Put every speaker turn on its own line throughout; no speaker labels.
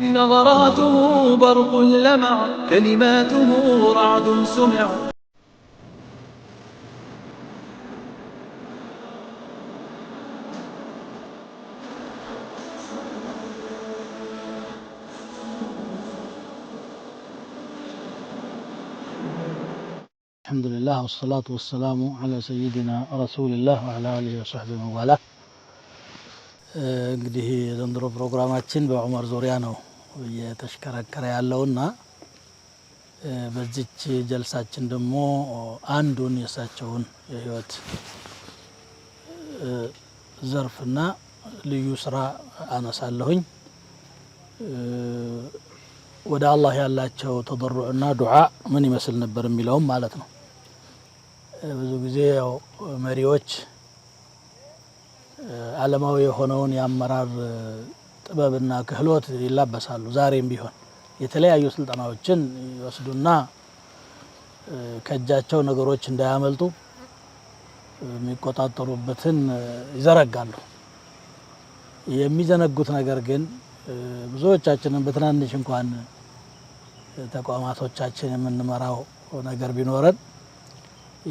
نظراته برق لمع كلماته رعد سمع الحمد لله والصلاة والسلام على سيدنا رسول الله وعلى آله وصحبه من والاه እንግዲህ የዘንድሮ ፕሮግራማችን በዑመር ዙሪያ ነው እየተሽከረከረ ያለውና eh, በዚች ጀልሳችን ደግሞ አንዱን የእሳቸውን የህይወት eh, ዘርፍና ልዩ ስራ አነሳለሁኝ። eh, ወደ አላህ ያላቸው ተደሩዕና ዱዓ ምን ይመስል ነበር የሚለውም ማለት ነው። ብዙ ጊዜ ያው መሪዎች ዓለማዊ የሆነውን የአመራር ጥበብና ክህሎት ይላበሳሉ። ዛሬም ቢሆን የተለያዩ ስልጠናዎችን ይወስዱና ከእጃቸው ነገሮች እንዳያመልጡ የሚቆጣጠሩበትን ይዘረጋሉ። የሚዘነጉት ነገር ግን ብዙዎቻችንን በትናንሽ እንኳን ተቋማቶቻችን የምንመራው ነገር ቢኖረን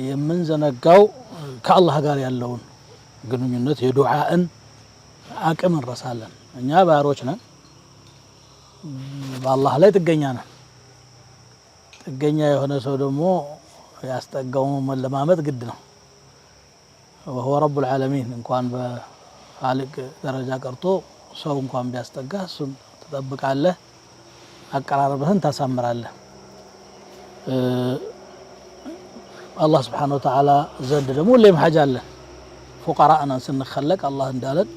የምንዘነጋው ከአላህ ጋር ያለውን ግንኙነት የዱዓእን አቅም እንረሳለን። እኛ ባሮች ነን፣ በአላህ ላይ ጥገኛ ነን። ጥገኛ የሆነ ሰው ደግሞ ያስጠጋውን መለማመጥ ግድ ነው። ወሁወ ረቡል ዓለሚን እንኳን በኻሊቅ ደረጃ ቀርቶ ሰው እንኳን ቢያስጠጋ እሱን ትጠብቃለህ፣ አቀራረብህን ታሳምራለህ። الله سبحانه وتعالى زدد مو اللي محجال له فقراءنا سن خلق الله اندالد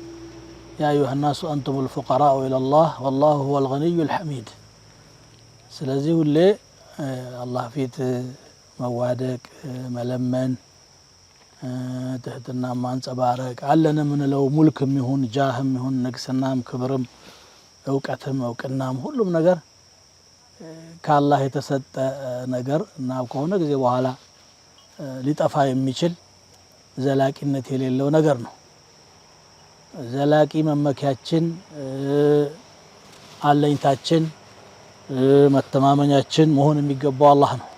يا ايها الناس انتم الفقراء الى الله والله هو الغني الحميد سلازي ولي آه، الله فيت آه، موادك آه، ملمن تحتنا ما انصبارك علنا من لو ملك يهون جاهم يهون نقصنا كبرم كنام اوقنام كلهم نجر كالله يتسد نقر ناب كونه جزي ሊጠፋ የሚችል ዘላቂነት የሌለው ነገር ነው። ዘላቂ መመኪያችን፣ አለኝታችን፣ መተማመኛችን መሆን የሚገባው አላህ ነው።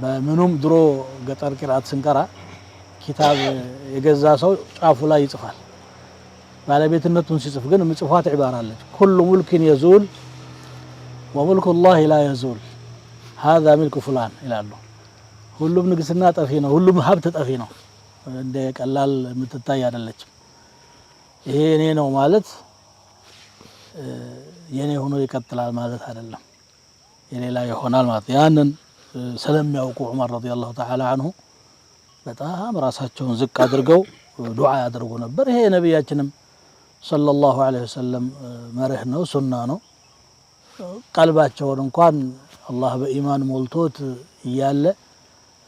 በምኑም ድሮ ገጠር ቅርአት ስንቀራ ኪታብ የገዛ ሰው ጫፉ ላይ ይጽፋል። ባለቤትነቱን ሲጽፍ ግን ምጽፏት ዒባራለች ኩሉ ሙልክን የዙል ወሙልኩ ላህ ላ የዙል ሀዛ ሚልክ ፉላን ይላሉ። ሁሉም ንግስና ጠፊ ነው። ሁሉም ሀብት ጠፊ ነው። እንደ ቀላል የምትታይ አይደለችም። ይሄ እኔ ነው ማለት የኔ ሆኖ ይቀጥላል ማለት አይደለም፣ የሌላ ይሆናል ማለት ያንን ስለሚያውቁ ዑመር ረዲየላሁ ተዓላ አንሁ በጣም ራሳቸውን ዝቅ አድርገው ዱዓ ያደርጉ ነበር። ይሄ ነቢያችንም ሰለላሁ ዐለይሂ ወሰለም መርህ ነው፣ ሱና ነው። ቀልባቸውን እንኳን አላህ በኢማን ሞልቶት እያለ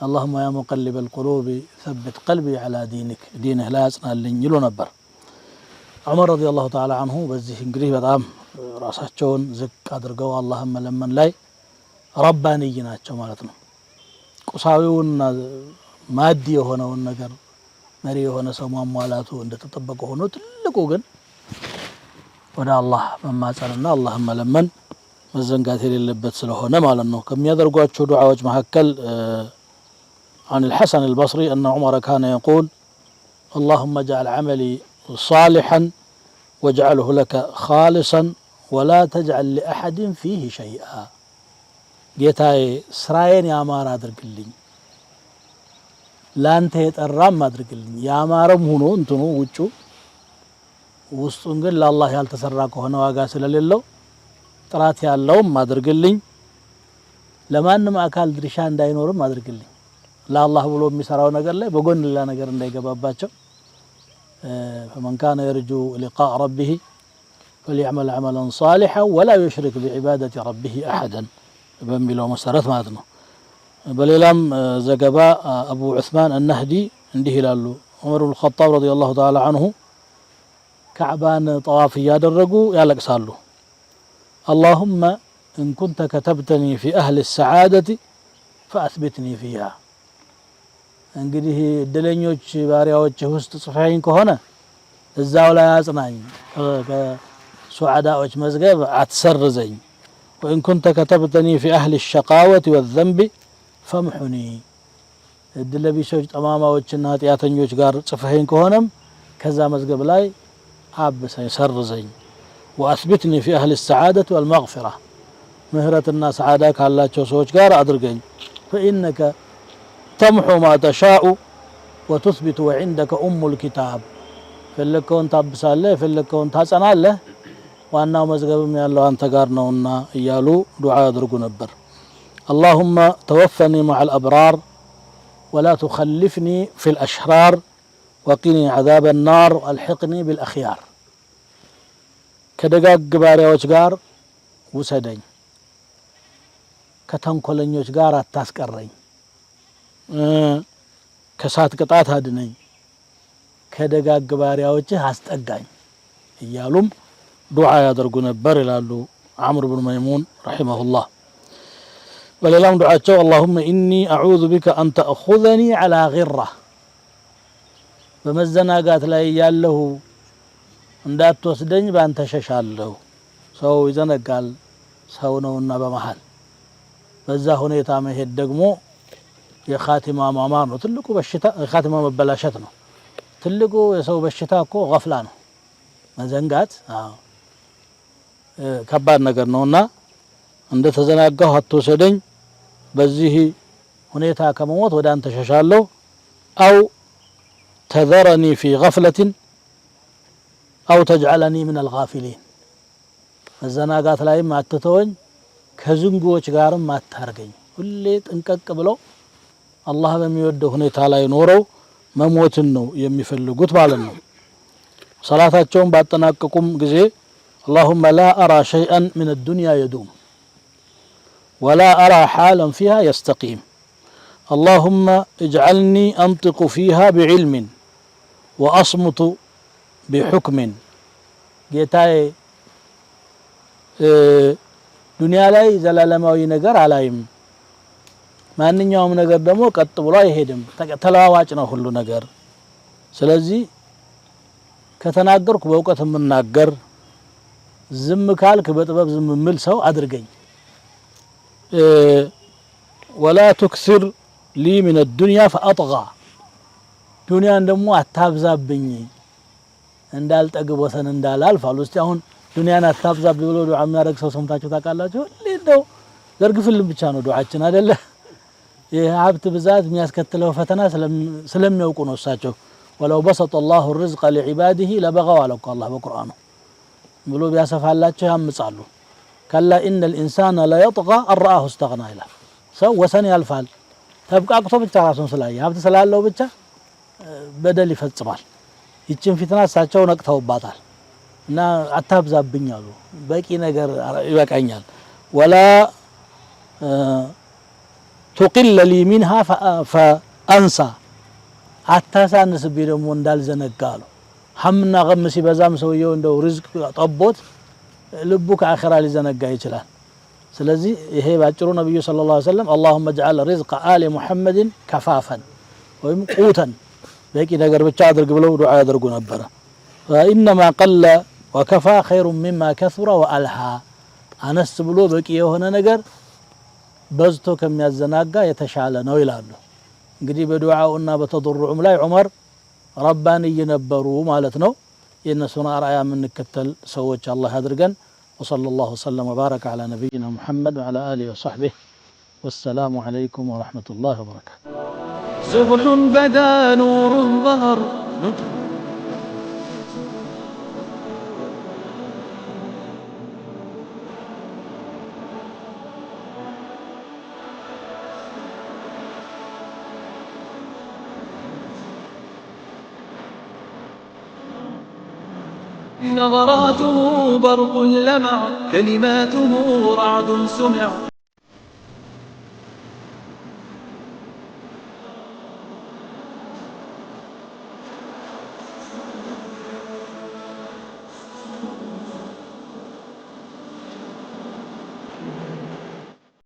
አላሁማ ያ ሙቀሊበል ቁሉብ ሰብት ቀልቢ ዐላ ዲንክ ዲንህ ላይ አጽናልኝ ይሉ ነበር። ዑመር ረዲየላሁ ተዓላ አንሁ በዚህ እንግዲህ በጣም ራሳቸውን ዝቅ አድርገው አላህን መለመን ላይ ረባንይ ናቸው ማለት ነው። ቁሳዊውና ማዲ የሆነውን ነገር መሪ የሆነ ሰው ማሟላቱ እንደተጠበቀ ሆኖ ትልቁ ግን ወደ አላህ መማጸንና አላህን መለመን መዘንጋት የሌለበት ስለሆነ ማለት ነው ከሚያደርጓቸው ዱዓዎች መካከል عن الحسن البصري أن عمر كان يقول اللهم اجعل عملي صالحا واجعله لك خالصا ولا تجعل لأحد فيه شيئا جيتاي سراين يا مارا رادر قلين لان تهيت الرام ما درق يا ما رم هنو انتنو وچو وستنقل الله يال تسراك هنا واقاسل لله تراتي اللهم ما درق لما انما اكال درشان داينور ما درق اللي. لا الله ولو مسراو نجر لي بقول لا نقر لي اللي جباباته فمن كان يرجو لقاء ربه فليعمل عملا صالحا ولا يشرك بعبادة ربه أحدا بمن لو مسرت ما أدنى بل لم زقباء أبو عثمان النهدي عنده لالو عمر بن الخطاب رضي الله تعالى عنه كعبان طوافي يا درجو يا لك سالو اللهم إن كنت كتبتني في أهل السعادة فأثبتني فيها እንግዲህ እድለኞች ባሪያዎች ውስጥ ጽፈኝ ከሆነ እዛው ላይ አጽናኝ፣ ከሱዓዳዎች መዝገብ አትሰርዘኝ። ወኢን ኩንተ ከተብተኒ ፊ አህሊ ሸቃወት ወዘንቢ ፈምሑኒ፣ እድለቢሶች ጠማማዎችና ኃጢአተኞች ጋር ጽፈኝ ከሆነም ከዛ መዝገብ ላይ አብሰኝ፣ ሰርዘኝ። ወአስቢትኒ ፊ አህሊ ሰዓደት ወልመግፊራ፣ ምህረትና ሰዓዳ ካላቸው ሰዎች ጋር አድርገኝ። ፈኢነከ ተምሑ ማ ተሻኡ ወቱስቢቱ ወዕንደከ ኡሙል ኪታብ የፈለግከውን ታብሳለህ፣ የፈለግከውን ታጸናለህ፣ ዋናው መዝገብም ያለው አንተ ጋር ነውና እያሉ ዱዓ ያደርጉ ነበር። አላሁመ ተወፈኒ መዓል አብራር ወላ ትኸልፍኒ ፊል አሽራር ወቂኒ ዓዛበ ናር አልሕቅኒ ቢልአኽያር ከደጋግ ባሪያዎች ጋር ውሰደኝ፣ ከተንኮለኞች ጋር አታስቀረኝ። ከእሳት ቅጣት አድነኝ፣ ከደጋግ ባሪያዎችህ አስጠጋኝ እያሉም ዱዓ ያደርጉ ነበር ይላሉ አምር ብኑ መይሙን ረሒመሁላህ። በሌላም ዱዓቸው አላሁመ ኢኒ አዑዙ ቢከ አን ተእኹዘኒ ዐላ ጊራ በመዘናጋት ላይ ያለሁ እንዳትወስደኝ ባንተ ሸሻለሁ። ሰው ይዘነጋል ሰው ነውና በመሃል በዛ ሁኔታ መሄድ ደግሞ የኻቲማ ማማር ነው ትልቁ በሽታ። የኻቲማ መበላሸት ነው ትልቁ የሰው በሽታ እኮ ገፍላ ነው መዘንጋት። ከባድ ነገር ነውና እንደ ተዘናጋሁ አትወሰደኝ። በዚህ ሁኔታ ከመሞት ወደ አንተ ሸሻለሁ። አው ተዘረኒ ፊ ገፍለትን አው ተጅዐለኒ ምን አልጋፊሊን መዘናጋት ላይም አትተወኝ፣ ከዝንጉዎች ጋርም አታርገኝ። ሁሌ ጥንቀቅ ብለው አላህ በሚወደው ሁኔታ ላይ ኖረው መሞትን ነው የሚፈልጉት ማለት ነው። ሰላታቸውን ባጠናቀቁም ጊዜ አላሁመ ላ አራ ሸይአን ምን አዱንያ የዱም ወላ አራ ሓለን ፊሃ የስተቂም አላሁመ እጅዓልኒ አንጥቁ ፊሃ ብዕልሚን ወአስሙቱ ቢሑክሚን ጌታዬ ዱንያ ላይ ዘላለማዊ ነገር አላይም ማንኛውም ነገር ደግሞ ቀጥ ብሎ አይሄድም፣ ተለዋዋጭ ነው ሁሉ ነገር። ስለዚህ ከተናገርኩ በእውቀት የምናገር ዝም ካልክ በጥበብ ዝም የምል ሰው አድርገኝ። ወላ ቱክሲር ሊ ሚን ዱንያ ፈአጥጋ ዱንያን ደግሞ አታብዛብኝ እንዳልጠግብ ወሰን እንዳላልፍ አሉ። እስቲ አሁን ዱንያን አታብዛብኝ ብሎ ዱዓ የሚያደርግ ሰው ሰምታችሁ ታውቃላችሁ? ሁሌ እንደው ዘርግፍልን ብቻ ነው ዱዓችን አይደለ? የሀብት ብዛት የሚያስከትለው ፈተና ስለሚያውቁ ነው። እሳቸው ወለው በሰጠ ላሁ ርዝቀ ሊዕባድህ ለበቀው አለ እኮ አላህ በቁርአኑ ብሎ ቢያሰፋላቸው ያምጻሉ። ከላ ኢነ ልኢንሳነ ለየጥቃ አረአሁ ስተቅና ይላል። ሰው ወሰን ያልፋል። ተብቃቅቶ ብቻ ራሱን ስላየ ሀብት ስላለው ብቻ በደል ይፈጽማል። ይችን ፊትና እሳቸው ነቅተውባታል እና አታብዛብኝ አሉ። በቂ ነገር ይበቃኛል ወላ ቱቂለ ሊ ሚንሃ ፈአንሳ አታሳንስብኝ ደግሞ እንዳልዘነጋ አሉ። ሐምና ገም ሲበዛም ሰውየው እንደው ሪዝቅ ጠቦት ልቡ ከአኺራ ሊዘነጋ ይችላል። ስለዚህ ይሄ ባጭሩ ነብዩ ሰለላሁ ዐለይሂ ወሰለም اللهم اجعل رزق آل محمد كفافا ወይም ቁተን በቂ ነገር ብቻ አድርግ ብለው ዱዓ ያደርጉ ነበረ። ኢነማ ቀለ ወከፋ ኸይሩ ሚማ ከሱረ ወአልሃ አነስ ብሎ በቂ የሆነ ነገር بزتو كم يزناقا يتشعل نوي لانو قدي بدعاو انا بتضرعهم لاي عمر رباني ينبرو مالتنو ان سنا رايا من كتل سوتش الله هدرقن وصلى الله وسلم وبارك على نبينا محمد وعلى اله وصحبه والسلام عليكم ورحمه الله وبركاته زهر بدا نور ظهر نظراته برق لمع كلماته رعد سمع